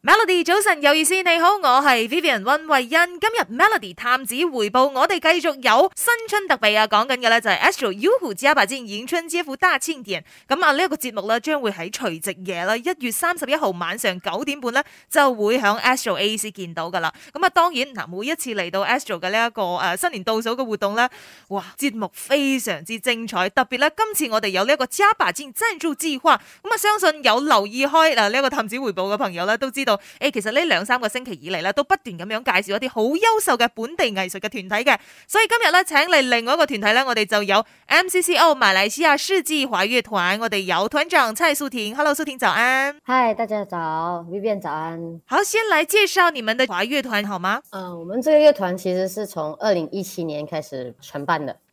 Melody 早晨有意思，你好，我係 Vivian 溫慧欣。今日 Melody 探子回報，我哋繼續有新春特備啊！講緊嘅咧就係 Astro Yahoo 加把勁迎春之父大千人。咁啊，呢一個節目咧將會喺除夕夜啦，一月三十一號晚上九點半咧就會響 Astro AC 見到噶啦。咁啊，當然嗱，每一次嚟到 Astro 嘅呢一個誒新年倒數嘅活動咧，哇，節目非常之精彩，特別咧，今次我哋有呢一個加把勁贊助之花。咁啊，相信有留意開誒呢一個探子回報嘅朋友咧，都知。誒，其實呢兩三個星期以嚟咧，都不斷咁樣介紹一啲好優秀嘅本地藝術嘅團體嘅，所以今日咧，請嚟另外一個團體咧，我哋就有 MCCO 馬來西亞世紀華樂團，我哋有團長蔡素婷，Hello 素婷早安，Hi 大家早，Vivian 早安，好，先嚟介紹你們的華樂團好嗎？嗯，uh，我們這個樂團其實是從二零一七年開始承辦的。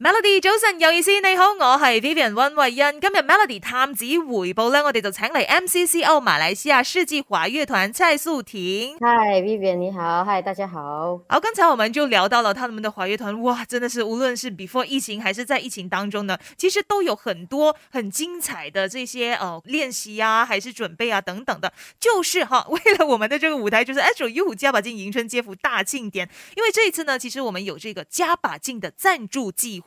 Melody 早晨有意思，你好，我係 Vivian 温慧欣。今日 Melody 探子回報咧，我哋就請嚟 MCCO 馬來西亞世紀華樂團蔡素婷。Hi Vivian 你好，Hi 大家好。好，剛才我們就聊到了他們的華樂團，哇，真的是無論是 before 疫情還是在疫情當中呢，其實都有很多很精彩的這些，哦、呃，練習啊，還是準備啊等等的，就是哈為了我們的這個舞台，就是《Astro You 加把勁迎春接福大慶典》，因為這一次呢，其實我們有這個加把勁的讚助計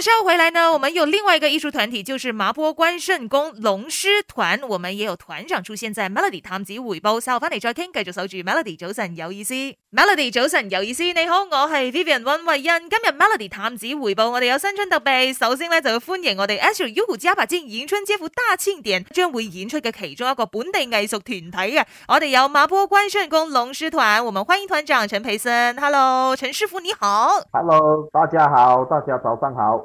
稍後回來呢，我們有另外一個藝術團體，就是麻坡關聖宮龍獅團，我們也有團長出現在 Melody，探子回報。稍後返嚟再傾，繼續守住 Melody，早晨有意思，Melody 早晨有意思。你好，我係 Vivian 溫慧欣。今日 Melody 探子回報，我哋有新春特備。首先呢，就歡迎我哋 Ashley Yuku 加柏堅，迎春接福大慶典，將會演出嘅其中一個本地藝術團體嘅，我哋有麻坡關聖宮龍獅團，我們歡迎團長陳培森。Hello，陳師傅你好。Hello，大家好，大家早上好。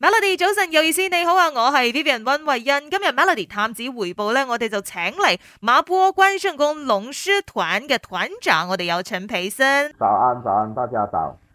Melody 早晨有意思，你好啊，我係 Vivian 溫慧欣，今日 Melody 探子回報呢，我哋就請嚟麻坡關聖宮龍獅團嘅團長，我哋有請陳培森。早安早安，大家早。